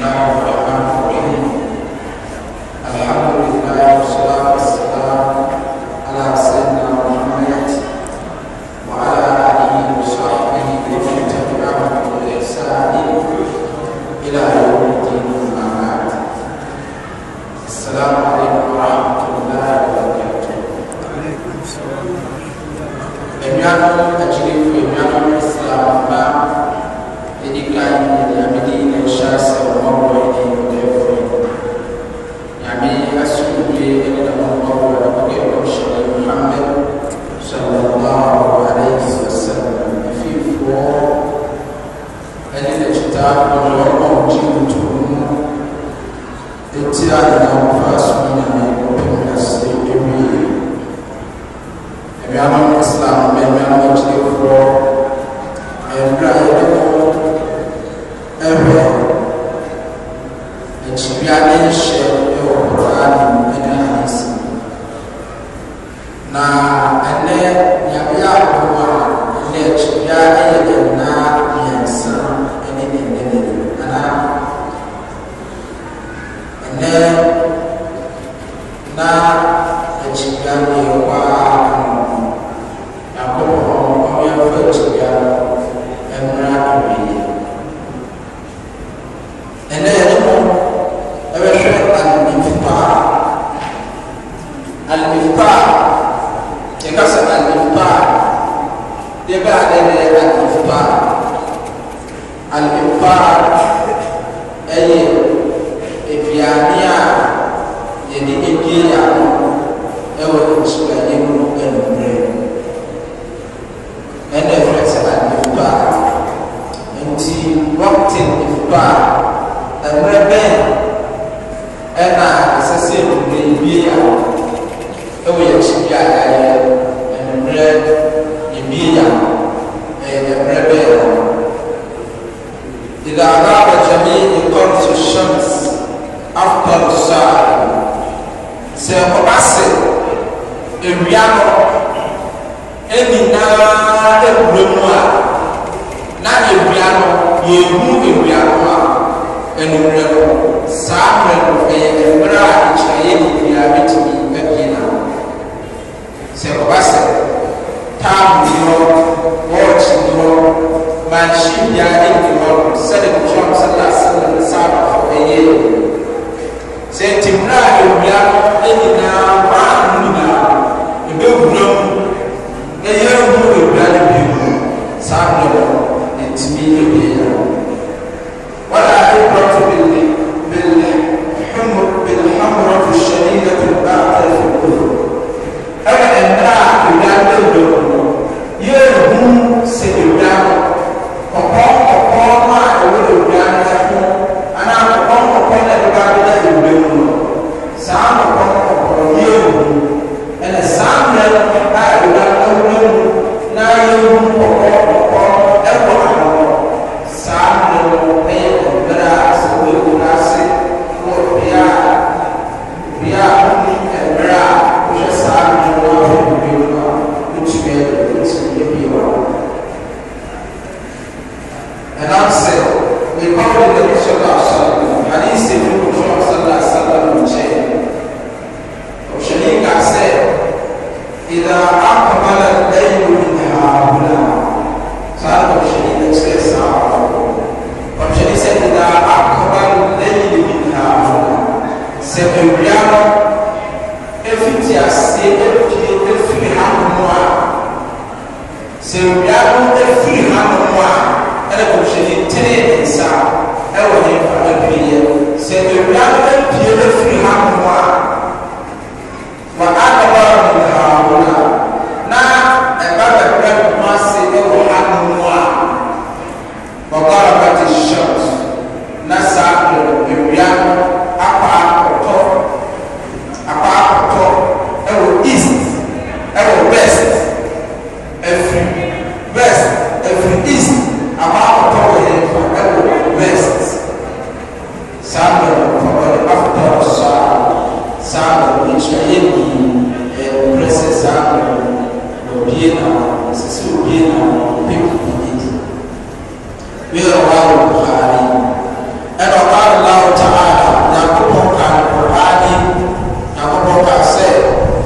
Now, uh, al-infaq ya kasa al-infaq dia berada di al-infaq al-infaq ɛyɛ aduane a yɛde ɛdie yɛano ɛwɔ nsuaeɛ mu anummerɛ ɛna ɛfrɛ sɛ al-infaq nti wakte al-infaq ɛmmerɛ bɛn mùsùlùmí akɔ ɛnyinaa ewure mu a na ewia no yehu ewia no a ɛnumere no saa mmerɛ no ɛyɛ mmerɛ a nkyerɛyɛ nyinaa bɛtumi abie na sɛ ɔba sɛ taamu ni hɔ wɔɔkyi ni hɔ mansin biara ɛnni hɔ sɛde musuam sɛde asɛnɛ ne saa ɛyɛ sɛ ntɛmmerɛ a ewia no ɛnyinaa. ɛfiti ase ɛfie ɛfiri hanom a sɛ wia no ɛfiri hanom a ɛna kɔhyɛ ne tene nsa ɛwɔ ne mfa apiriyɛ sɛ wia no ɛpie ɛfiri hanom a wa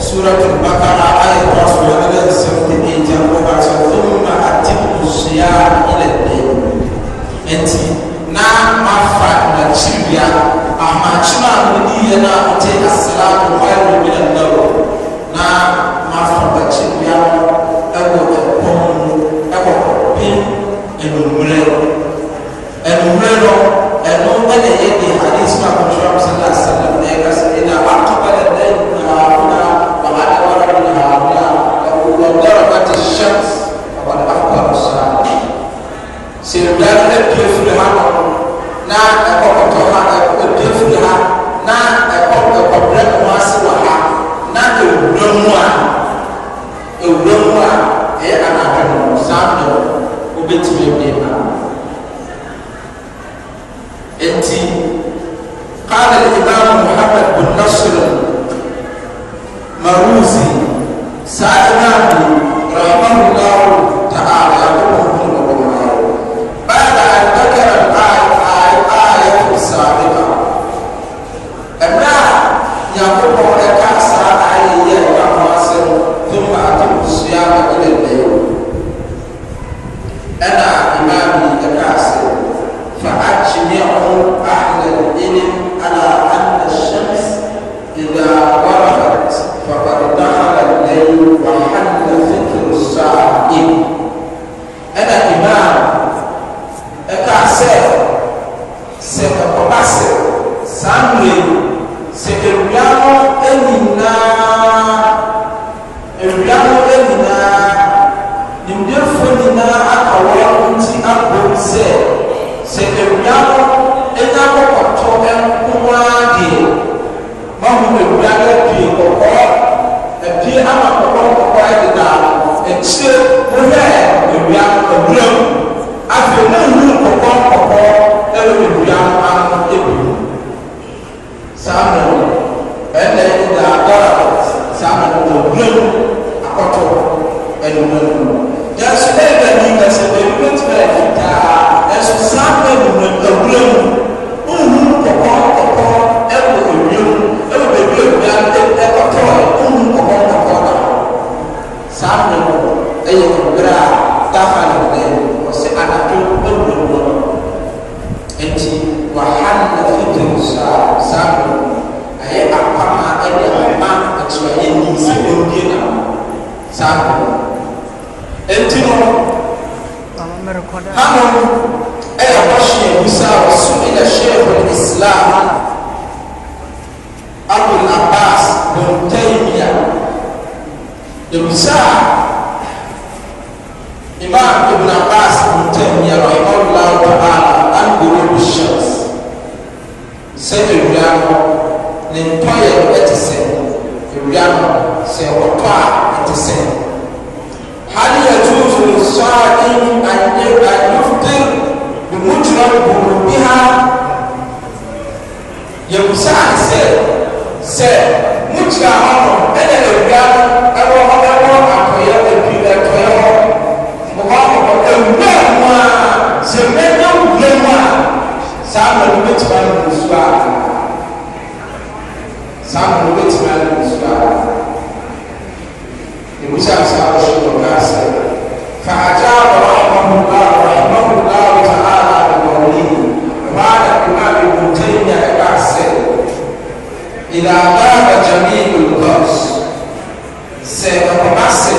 سورة البقرة آية 1 nti na mafa n'akyiria amakyina a wɔde yɛ no a wɔte asalaatu khairu min an-nawm na mafa n'akyiria no ɛwɔ ɛpɔn mu ɛwɔ kɔpem enumere enumere no ɛno ɛna yɛ de hadis ma kɔtɔ sallallahu alaihi wasallam na ɛka sɛ ɛna akɔbɛlɛ dɛn na ahona wàhálà wàhálà na ahona ɛwɔ dɔrɔ bàtɛ hyɛn wàhálà akɔbɛlɛ sɔrɔ sèrè dara ɛpie. saa enti no hanom ɛyɛ wɔhyɛ musa wɔso ɛyɛ hyɛɛhol islam abul abbas bontaimia yɛmusa imam ibn abbas bontaimia rahimahullahu taala an gurub shams sɛ awia no ne ntɔyɛ ɛte sɛ awia no sɛ wɔtɔ a هل يجوز لشاtm انب يفطر بمجر هلوبها يمس e ن sɛ pase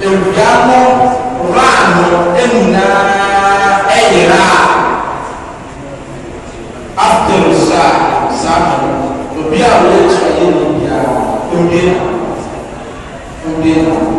ebiano vano emina eyra aftelosa sa obialetayen a